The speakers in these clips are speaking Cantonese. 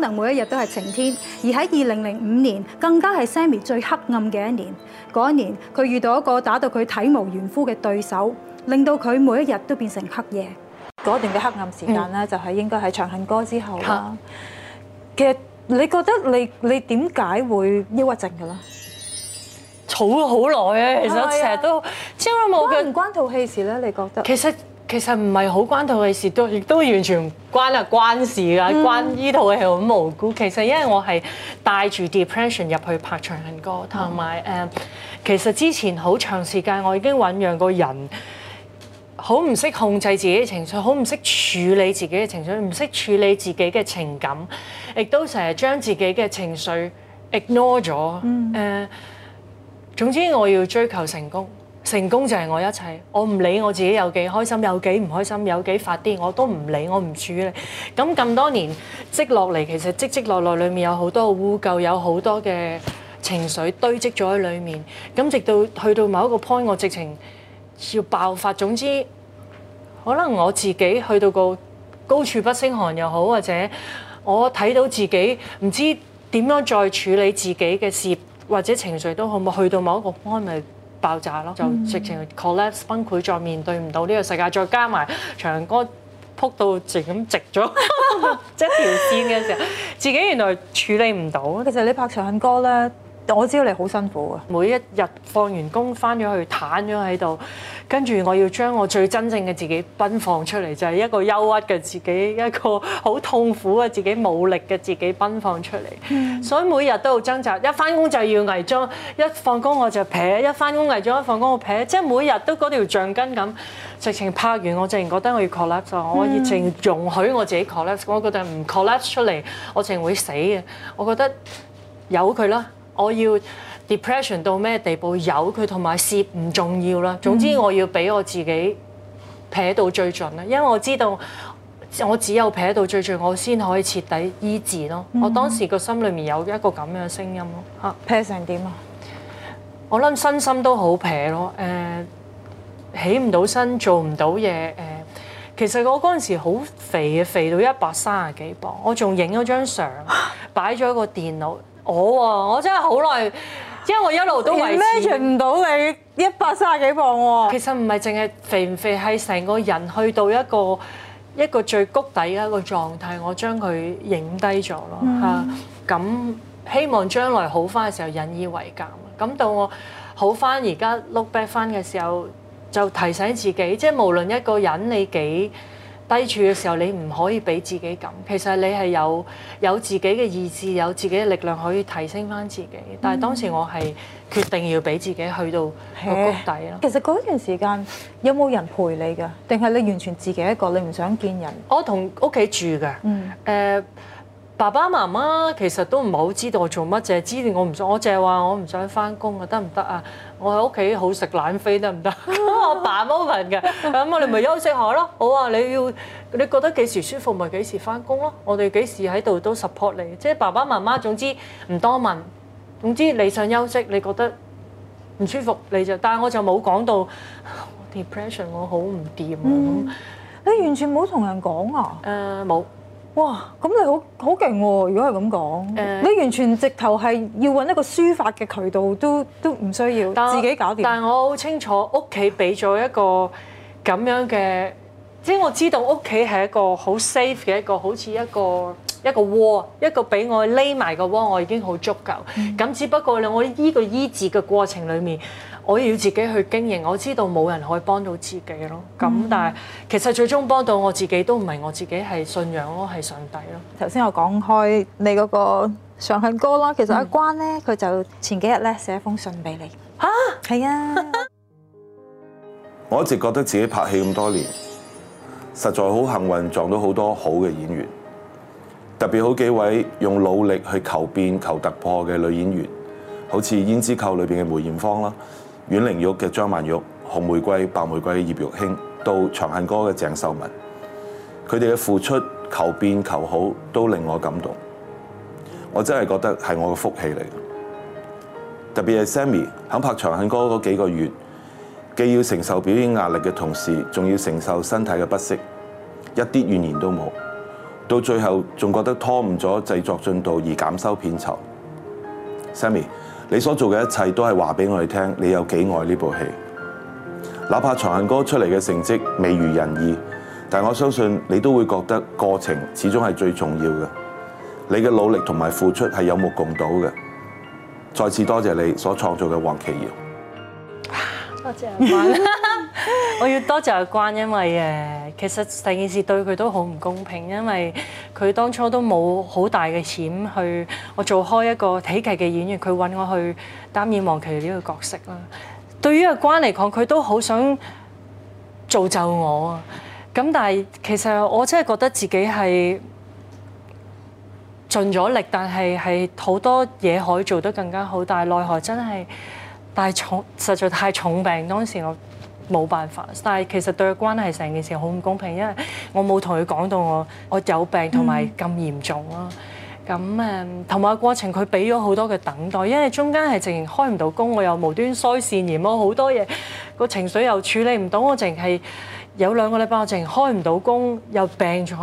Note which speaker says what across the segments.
Speaker 1: 可能每一日都係晴天，而喺二零零五年更加係 Sammy 最黑暗嘅一年。嗰一年佢遇到一個打到佢體無完膚嘅對手，令到佢每一日都變成黑夜。嗰段嘅黑暗時間咧，就係應該係《長恨歌》之後啦。其實你覺得你你點解會抑鬱症噶咧？
Speaker 2: 儲咗好耐啊，其實成日都。關唔關套戲事咧？你覺得？其實。其實唔係好關套嘅事，都亦都完全唔關啊、嗯、關事㗎，關依套嘢係好無辜。其實因為我係帶住 depression 入去拍《長恨歌》，嗯，同埋誒，其實之前好長時間，我已經醞釀個人好唔識控制自己嘅情緒，好唔識處理自己嘅情緒，唔識處理自己嘅情感，亦都成日將自己嘅情緒 ignore 咗。誒、嗯呃，總之我要追求成功。成功就係我一切，我唔理我自己有幾開心，有幾唔開心，有幾發癲，我都唔理，我唔處理。咁咁多年積落嚟，其實積積落落裏面有好多污垢，有好多嘅情緒堆積咗喺裏面。咁直到去到某一個 point，我直情要爆發。總之，可能我自己去到個高處不勝寒又好，或者我睇到自己唔知點樣再處理自己嘅事或者情緒都好，去到某一個 point 咪。爆炸咯， 就直情 collapse 崩潰，再面對唔到呢個世界，再加埋長恨歌撲到直咁直咗，即係條線嘅時候，自己原來處理唔到。 其實你拍長恨歌咧。我知道你好辛苦啊！每一日放完工翻咗去攤咗喺度，跟住我要將我最真正嘅自己奔放出嚟，就係、是、一個憂鬱嘅自己，一個好痛苦嘅自己，冇力嘅自己奔放出嚟。嗯、所以每日都要掙扎，一翻工就要偽裝，一放工我就撇；一翻工偽裝，一放工我撇。即係每日都嗰條橡筋咁，直情拍完我，直情覺得我要 collapse 我直情容許我自己 collapse 我覺得唔 collapse 出嚟，我淨會死嘅。我覺得由佢啦。我要 depression 到咩地步，有佢同埋蝕唔重要啦。總之我要俾我自己撇到最盡啦，因為我知道我只有撇到最盡，我先可以徹底醫治咯。嗯、哼我當時個心裡面有一個咁樣嘅聲音咯。
Speaker 1: 嚇，撇成點啊？
Speaker 2: 我諗身心都好撇咯。誒、呃，起唔到身，做唔到嘢。誒、呃，其實我嗰陣時好肥嘅，肥到一百三十幾磅。我仲影咗張相，擺咗一個電腦。我喎、啊，我真係好耐，因為我一路都維持唔到你一百三十幾磅喎、啊。其實唔係淨係肥唔肥，係成個人去到一個一個最谷底嘅一個狀態，我將佢影低咗咯嚇。咁、嗯啊、希望將來好翻嘅時候，引以為戒。咁到我好翻，而家 look back 翻嘅時候，就提醒自己，即係無論一個人你幾低處嘅時候，你唔可以俾自己咁。其實你係有有自己嘅意志，有自己嘅力量可以提升返自己。但係當時我係決定要俾自己去到個谷底咯。嗯。其
Speaker 1: 實嗰段時間有冇人陪你㗎？定係你完全自己一個？你唔想見人？我同屋企住嘅。嗯。
Speaker 2: 誒。Uh, 爸爸媽媽其實都唔係好知道我做乜，就係知道我唔想，我淨係話我唔想翻工啊，得唔得啊？我喺屋企好食懶飛，得唔得？我爸冇問嘅，咁我哋咪休息下咯。好啊，你要，你覺得幾時舒服咪幾時翻工咯。我哋幾時喺度都 support 你。即係爸爸媽媽，總之唔多問。總之你想休息，你覺得唔舒服你就，但係我就冇講到
Speaker 1: depression，我好唔掂。你完全冇同人講啊？誒，冇。哇！咁你好好勁喎，如果係咁講，嗯、你完全直頭係要揾一個抒發嘅渠道，都都唔需要我自己搞掂。但
Speaker 2: 係我好清楚屋企俾咗一個咁樣嘅，即、就、係、是、我知道屋企係一個好 safe 嘅一個，好似一個一個窩，一個俾我匿埋個窩，我已經好足夠。咁、嗯、只不過咧，我個依個醫治嘅過程裡面。我要自己去經營，我知道冇人可以幫到自己咯。咁、嗯、但係其實最終幫到我自己都唔係我自己係信仰咯，係上帝咯。
Speaker 1: 頭先我講開你嗰個長恨歌啦，其實阿關咧佢、嗯、就前幾日咧寫一封信俾你嚇，係啊。啊
Speaker 3: 我一直覺得自己拍戲咁多年，實在好幸運撞到好多好嘅演員，特別好幾位用努力去求變求突破嘅女演員，好似《胭脂扣》裏邊嘅梅艷芳啦。阮玲玉嘅張曼玉、紅玫瑰、白玫瑰嘅葉玉卿，到長恨歌嘅鄭秀文，佢哋嘅付出、求變、求好，都令我感動。我真係覺得係我嘅福氣嚟。特別係 Sammy 喺拍長恨歌嗰幾個月，既要承受表演壓力嘅同時，仲要承受身體嘅不適，一啲怨言都冇。到最後仲覺得拖誤咗製作進度而減收片酬。Sammy，你所做嘅一切都係話俾我哋聽，你有幾愛呢部戲。哪怕《長恨歌》出嚟嘅成績未如人意，但我相信你都會覺得過程始終係最重要嘅。你嘅努力同埋付出係有目共睹嘅。再次多謝你所創造嘅王琦瑤。
Speaker 1: 多謝。
Speaker 2: 我要多謝阿關，因為誒，其實成件事對佢都好唔公平，因為佢當初都冇好大嘅險去，我做開一個喜劇嘅演員，佢揾我去擔演王琦呢個角色啦。對於阿關嚟講，佢都好想造就我啊，咁但係其實我真係覺得自己係盡咗力，但係係好多嘢可以做得更加好，但係奈何真係太重，實在太重病當時我冇辦法，但係其實對個關係成件事好唔公平，因為我冇同佢講到我，我有病同埋咁嚴重咯。咁誒、嗯，同埋過程佢俾咗好多嘅等待，因為中間係直情開唔到工，我又無端衰線，而摸好多嘢，個情緒又處理唔到，我淨係有兩個禮拜，我淨係開唔到工，又病咗，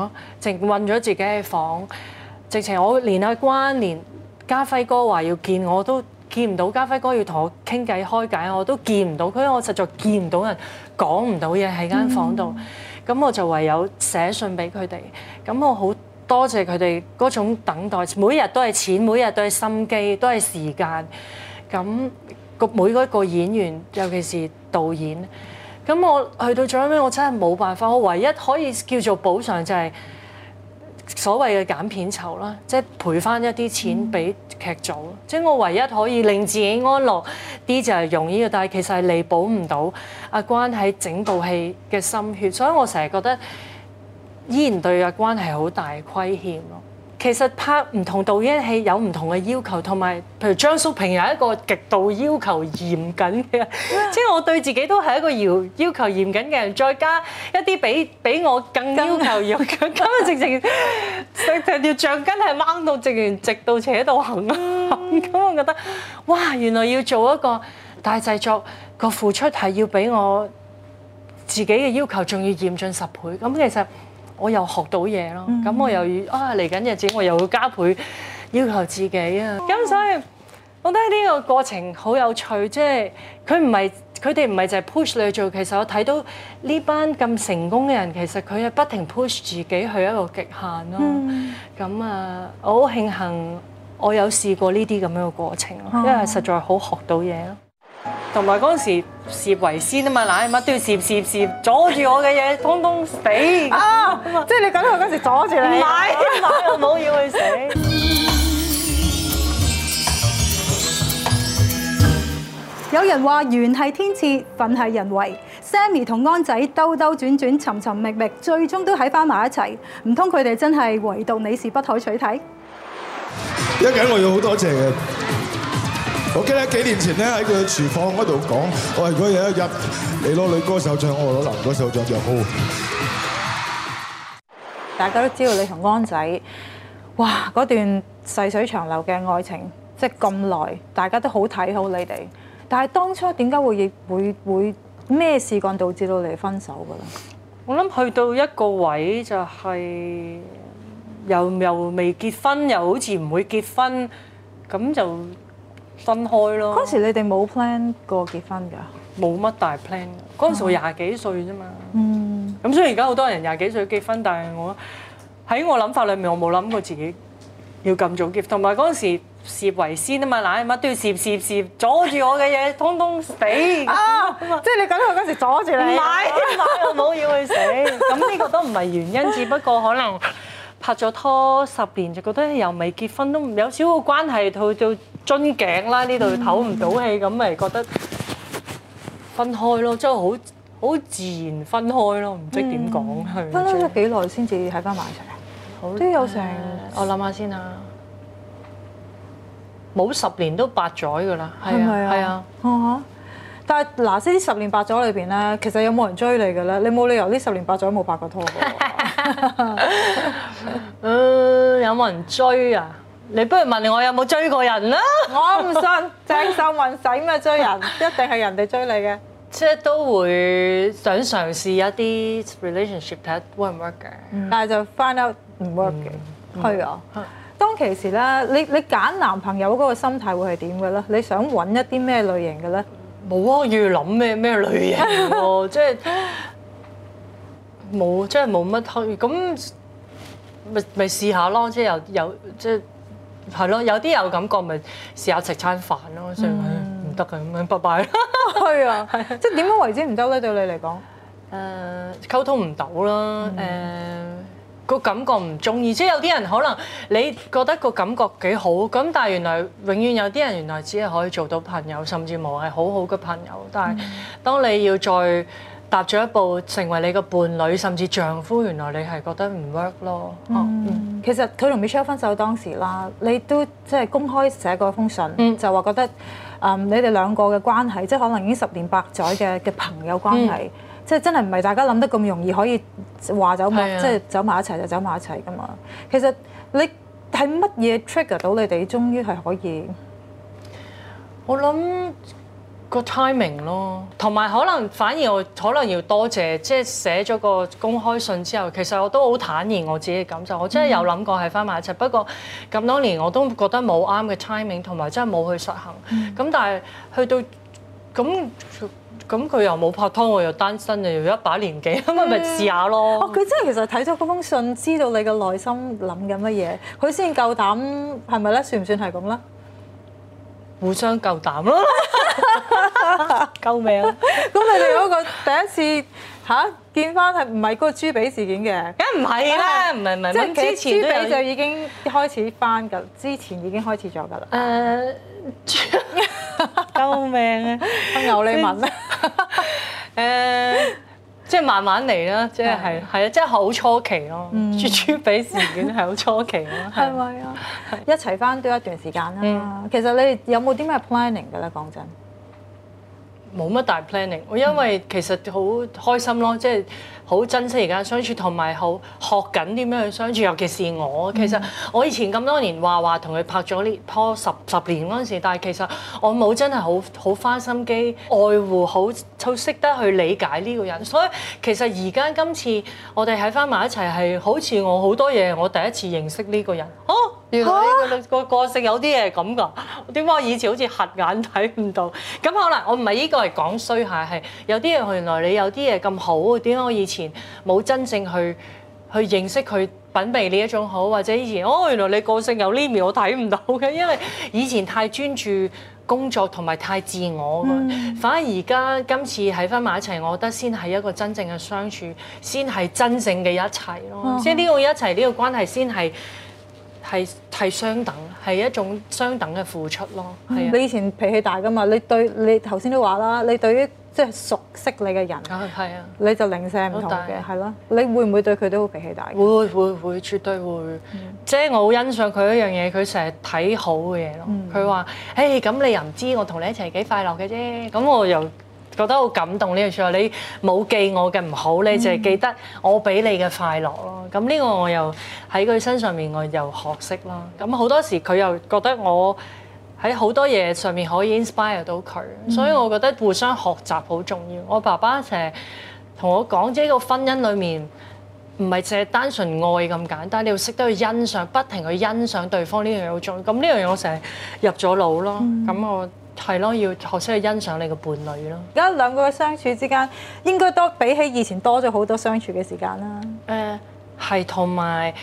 Speaker 2: 淨韞咗自己嘅房，直情我連阿關連家輝哥話要見我都。見唔到家輝哥要同我傾偈開解，我都見唔到佢，因為我實在見唔到人講唔到嘢喺間房度，咁我就唯有寫信俾佢哋。咁我好多謝佢哋嗰種等待，每日都係錢，每日都係心機，都係時間。咁個每一個演員，尤其是導演，咁我去到最後尾，我真係冇辦法。我唯一可以叫做補償就係。所謂嘅減片酬啦，即係賠翻一啲錢俾劇組。嗯、即係我唯一可以令自己安樂啲就係容易嘅，但係其實係彌補唔到阿關喺整部戲嘅心血，嗯、所以我成日覺得依然對阿關係好大虧欠咯。其實拍唔同導演戲有唔同嘅要求，同埋譬如張叔平有一個極度要求嚴謹嘅，即係我對自己都係一個要要求嚴謹嘅人，再加一啲比比我更要求嚴謹，咁啊直情直情條橡筋係掹到直完直到扯到行。啊！咁我覺得哇，原來要做一個大製作個付出係要比我自己嘅要求仲要嚴峻十倍，咁其實。我又學到嘢咯，咁、嗯、我又要啊嚟緊日子，我又會加倍要求自己啊！咁、哦、所以，我覺得呢個過程好有趣，即係佢唔係佢哋唔係就係 push 你去做，其實我睇到呢班咁成功嘅人，其實佢係不停 push 自己去一個極限咯、啊。咁、嗯、啊，我好慶幸我有試過呢啲咁樣嘅過程，哦、因為實在好學到嘢咯、啊。同埋嗰時事業為先啊嘛，懶乜都要事業事業事業，阻住我嘅嘢通通死 啊！即係你覺得佢嗰時阻住你、啊，唔係， 唔係，唔好要去死。
Speaker 1: 有人話緣係天賜，份係人為。Sammy 同安仔兜兜轉轉，尋尋覓覓，最終都喺翻埋一齊。唔通佢哋真係唯獨你是不可取替？
Speaker 3: 一緊 我要好多謝嘅。我記得幾年前咧喺佢廚房嗰度講，我係如果有一日你攞女歌手獎，我攞男歌手獎就好。
Speaker 1: 大家都知道你同安仔，哇！嗰段細水長流嘅愛情，即係咁耐，大家都好睇好你哋。但係當初點解會會會咩事幹導致到你哋分手㗎咧？
Speaker 2: 我諗去到一個位就係，又又未結婚，又好似唔會結婚，咁就。
Speaker 1: 分開咯。嗰時你哋冇 plan 過結婚㗎？
Speaker 2: 冇乜大 plan。嗰陣時我廿幾歲啫嘛。嗯。咁所以而家好多人廿幾歲結婚，但係我喺我諗法裏面，我冇諗過自己要咁早結。同埋嗰陣時事業為先啊嘛，嗱，乜都要事業事業事業，阻住我嘅嘢通通死。啊！即係你覺得嗰時阻住你。唔係，唔係我冇要去死。咁呢個都唔係原因，只不過可能。拍咗拖十年就覺得又未結婚都有少少關係，套到樽頸啦，呢度唞唔到氣，咁咪、嗯、覺得分開咯，真係好好自然分開咯，唔知點講係。嗯、以分開
Speaker 1: 咗幾耐先至喺翻埋一齊啊？都好、呃、有成，我諗下先啊，
Speaker 2: 冇十年都八載㗎喇，係啊，係嗎啊。嗯。
Speaker 1: 但係嗱，呢十年八載裏邊咧，其實有冇人追你嘅咧？你冇理由呢十年八載都冇拍過拖嘅。誒，有冇人追啊？你不如問我有冇追過人啦。我唔信
Speaker 2: 鄭秀文使咩追人，一定係人哋追你嘅。即係都會想嘗試一啲 relationship 睇下 work 唔 work，但係就 find out 唔 work，係啊。
Speaker 1: 當其時咧，你你揀男朋友嗰個心態會係點嘅咧？你想揾一啲咩類型嘅咧？冇啊，要
Speaker 2: 諗咩咩類型咯， 即係冇，即係冇乜睇，咁咪咪試下咯，即係有，又即係係咯，有啲有感覺咪試下食餐飯咯，所以唔得嘅咁，拜拜啦，去、哎、 啊，即係點樣為之唔得咧？對你嚟講，誒、uh, 溝通唔到啦，誒、嗯。Uh, 個感覺唔中意，即係有啲人可能你覺得個感覺幾好，咁但係原來永遠有啲人原來只係可以做到朋友，甚至無係好好嘅朋友。但係當你要再踏咗一步成為你個伴侶，甚至丈夫，原來你係覺得唔 work 咯。嗯，
Speaker 1: 其實佢同 Michelle 分手當時啦，你都即係公開寫過一封信，就話覺得誒你哋兩個嘅關係，即係可能已經十年八載嘅嘅朋友關係。即係真係唔係大家諗得咁容易可以話走是的 即係走埋一齊就走埋一齊噶嘛？其實你係乜嘢 trigger 到你哋終於係可以？我諗
Speaker 2: 個 timing 咯，同埋可能反而我可能要多謝，即係寫咗個公開信之後，其實我都好坦然我自己嘅感受，我真係有諗過係翻埋一齊，嗯、不過咁多年我都覺得冇啱嘅 timing，同埋真係冇去實行。咁、嗯、但係去到咁。咁佢又冇拍拖，我又單身嘅，又一把年紀，咁咪試下咯。
Speaker 1: 的 哦，佢真係其實睇咗嗰封信，知道你嘅內心諗緊乜嘢，佢先夠膽，係咪咧？算唔算係咁咧？互相夠膽咯，救命啦！咁你哋嗰個第一次吓、啊，見翻係唔係嗰個豬髀事件嘅？梗唔係啦，唔係唔係，之 知前就已經開始翻㗎，之前已經開始咗㗎啦。誒、呃，救命啊 牛、呃！牛利文 你問啊！誒、
Speaker 2: 呃，即係慢慢嚟啦，即係係係啊，即係好初期咯，絕絕俾事件係
Speaker 1: 好初期咯，係
Speaker 2: 咪啊？吧
Speaker 1: 的一齊翻都一段時間啦。的其實你哋有冇啲咩 planning 嘅咧？講真。
Speaker 2: 冇乜大 planning，我因為其實好開心咯，即係好珍惜而家相處，同埋好學緊點樣去相處。尤其是我，其實我以前咁多年話話同佢拍咗呢拖十十年嗰陣時，但係其實我冇真係好好花心機愛護，好好去識得去理解呢個人。所以其實而家今次我哋喺返埋一齊，係好似我好多嘢，我第一次認識呢個人。好、啊。原來你、呢個啊、個個性有啲嘢咁噶，點解我以前好似黑眼睇唔到？咁好啦，我唔係呢個係講衰下，係有啲嘢原來你有啲嘢咁好，點解我以前冇真正去去認識佢、品味呢一種好，或者以前哦，原來你個性有呢面我睇唔到嘅，因為以前太專注工作同埋太自我、嗯、反而而家今次喺翻埋一齊，我覺得先係一個真正嘅相處，先係真正嘅一齊咯。嗯、即係呢個一齊呢、呢個關係先係。係係相等，係一種相等嘅付出咯。啊、你以
Speaker 1: 前脾氣大噶嘛？你對你頭先都話啦，你對於即係熟悉你嘅人，係啊，你就零舍唔同嘅，係咯。你會唔會對佢都會脾氣大？
Speaker 2: 會會會絕對會。嗯、即係我好欣賞佢一樣嘢，佢成日睇好嘅嘢咯。佢話、
Speaker 1: 嗯，誒咁、hey, 你
Speaker 2: 又唔知，我同你一齊幾快樂嘅啫。咁我又。覺得好感動呢樣嘢，所以你冇記我嘅唔好，你就係記得我俾你嘅快樂咯。咁呢、嗯、個我又喺佢身上面我又學識啦。咁好多時佢又覺得我喺好多嘢上面可以 inspire 到佢，嗯、所以我覺得互相學習好重要。我爸爸成日同我講，即、這、係個婚姻裡面唔係淨係單純愛咁簡單，你要識得去欣賞，不停去欣賞對方呢樣嘢好重要。咁呢樣嘢我成日入咗腦咯。咁、嗯、我。
Speaker 1: 係咯，要學識去欣賞你嘅伴侶咯。而家兩個嘅相處之間，應該多比起以前多咗好多相處嘅時間啦。誒、呃，係同埋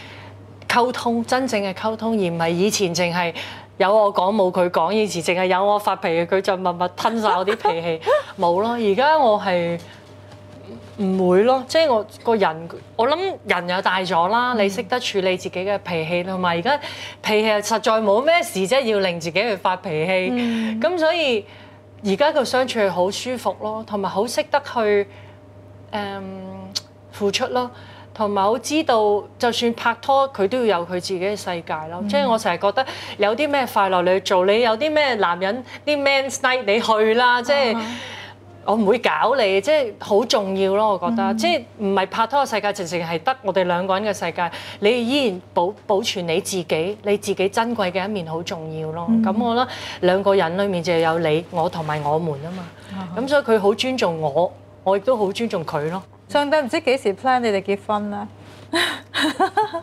Speaker 2: 溝通，真正嘅溝通，而唔係以前淨係有我講冇佢講，以前淨係有我發脾氣，佢就默默吞晒我啲脾氣，冇咯。 而家我係。唔會咯，即係我個人，我諗人又大咗啦，嗯、你識得處理自己嘅脾氣，同埋而家脾氣又實在冇咩事啫，要令自己去發脾氣。咁、嗯、所以而家個相處好舒服咯，同埋好識得去誒、呃、付出咯，同埋好知道就算拍拖佢都要有佢自己嘅世界咯。嗯、即係我成日覺得有啲咩快樂你去做，你有啲咩男人啲 man night 你去啦，即係。嗯我唔會搞你，即係好重要咯。我覺得即係唔係拍拖嘅世界，淨淨係得我哋兩個人嘅世界。你依然保保存你自己，你自己珍貴嘅一面好重要咯。咁我覺得兩個人裏面就有你我同埋我們啊嘛。咁所以佢好尊重我，我亦都好尊重佢咯。
Speaker 1: 上帝唔知幾時 plan 你哋結婚啦？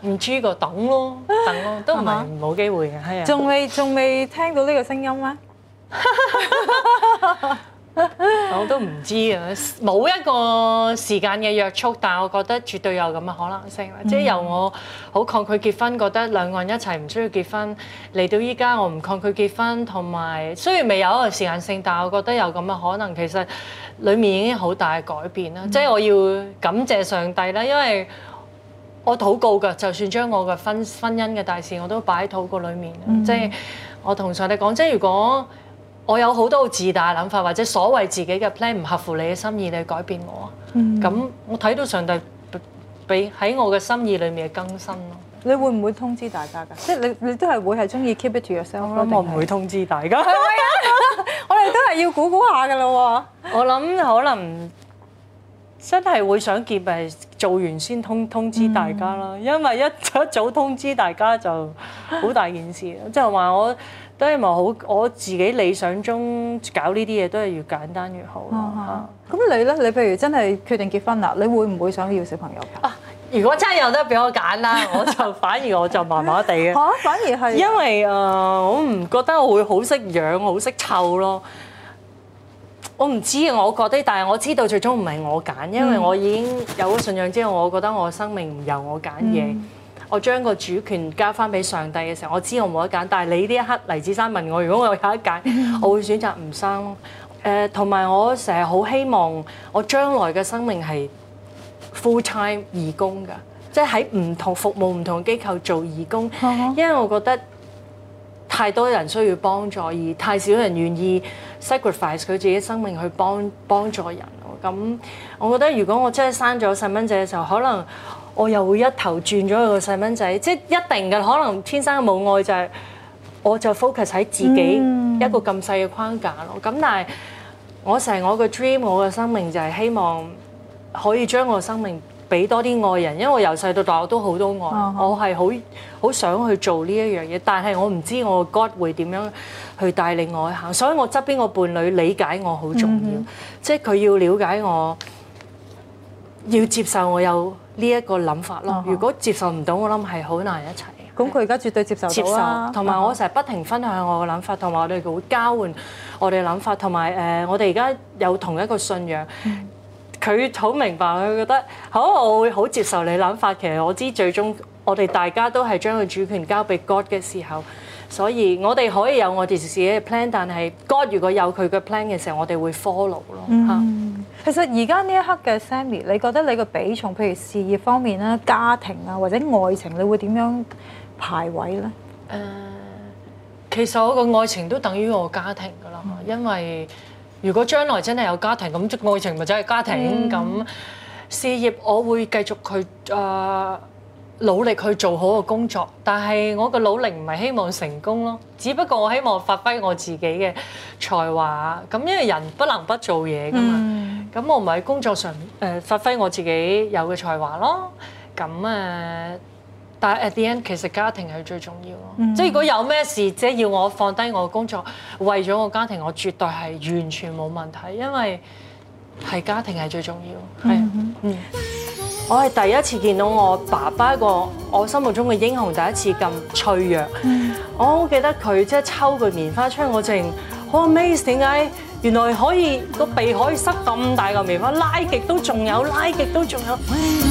Speaker 2: 唔知個等咯，等咯都唔係冇機會嘅。係啊，仲
Speaker 1: 未仲未聽到呢個聲音咩？
Speaker 2: 我都唔知啊，冇一個時間嘅約束，但係我覺得絕對有咁嘅可能性。嗯、即係由我好抗拒結婚，覺得兩個人一齊唔需要結婚，嚟到依家我唔抗拒結婚，同埋雖然未有一個時間性，但係我覺得有咁嘅可能。其實裡面已經好大嘅改變啦。嗯、即係我要感謝上帝啦，因為我禱告噶，就算將我嘅婚婚姻嘅大事我都擺喺禱告裡面。嗯、即係我同上帝講，即係如果。我有好多自大諗法，或者所謂自己嘅 plan 唔合乎你嘅心意，你去改變我。咁、嗯、我睇到上帝俾喺我嘅心意裏面嘅更新咯。
Speaker 1: 你會唔會通知大家㗎？即係你你都係會係中意 keep it to yourself。咁、嗯、是我唔會通知大家。 是吧 我哋都係要估估下㗎啦。 我諗可能
Speaker 2: 真係會想結係做完先通通知大家啦，嗯、因為一早通知大家就。好大件事，即係話我都係咪好，我自己理想中搞呢啲嘢都係越簡單越好咯。
Speaker 1: 咁、啊、你呢？你譬如真係決定結婚啦，你會唔會想要小朋友？
Speaker 2: 啊！如果真係有得俾我揀啦， 我就反而我就麻麻地嘅，
Speaker 1: 反而係因為
Speaker 2: 啊，uh, 我唔覺得我會好識養，好識湊咯。我唔知我覺得，但係我知道最終唔係我揀，因為我已經有咗信仰之後，我覺得我生命唔由我揀嘢、嗯。我將個主權交翻俾上帝嘅時候，我知我冇得揀。但係你呢一刻，黎子珊問我，如果我有得揀， 我會選擇唔生。誒、呃，同埋我成日好希望我將來嘅生命係 full time 義工㗎，即係喺唔同服務、唔同機構做義工， 因為我覺得太多人需要幫助，而太少人願意 sacrifice 佢自己生命去幫幫助人。咁我覺得，如果我真係生咗細蚊仔嘅時候，可能。我又會一頭轉咗個細蚊仔，即係一定嘅可能天生嘅母愛就係我就 focus 喺自己一個咁細嘅框架咯。咁但係我成日我嘅 dream，我嘅生命就係希望可以將我嘅生命俾多啲愛人，因為由細到大我都好多愛，我係好好想去做呢一樣嘢，但係我唔知我 God 會點樣去帶領我行，所以我側邊個伴侶理解我好重要，即係佢要了解我，要接受我有。呢一個諗法咯，如果接受唔到，我諗係好難一齊。咁佢而家絕對接受到啦。接受，同埋我成日不停分享我嘅諗法，同埋我哋會交換我哋諗法，同埋誒我哋而家有同一個信仰。佢好明白，佢覺得好，我會好接受你諗法。其實我知最終我哋大家都係將佢主權交俾 God 嘅時候，所以我哋可以有我哋自己嘅 plan，但係 God 如果有佢嘅 plan 嘅時候，我哋會 follow 咯。嗯。
Speaker 1: 其實而家呢一刻嘅 Sammy，你覺得你個比重，譬如事業方面啦、家庭啊或者愛情，你會點樣排位呢？誒、呃，
Speaker 2: 其實我個愛情都等於我家庭㗎喇，嗯、因為如果將來真係有家庭咁，愛情咪就係家庭咁。嗯、事業我會繼續去誒。呃努力去做好個工作，但係我個努力唔係希望成功咯，只不過我希望發揮我自己嘅才華。咁因為人不能不做嘢㗎嘛，咁、嗯、我唔喺工作上誒、呃、發揮我自己有嘅才華咯。咁誒、啊，但係 at the end 其實家庭係最重要咯。嗯、即係如果有咩事，即係要我放低我嘅工作，為咗我家庭，我絕對係完全冇問題，因為係家庭係最重要。係、嗯嗯，嗯。我係第一次見到我爸爸個我心目中嘅英雄，第一次咁脆弱。嗯、我好記得佢即係抽佢棉花槍嗰陣，好 amazed 點解原來可以個鼻可以塞咁大嚿棉花，拉極都仲有，拉極都仲有。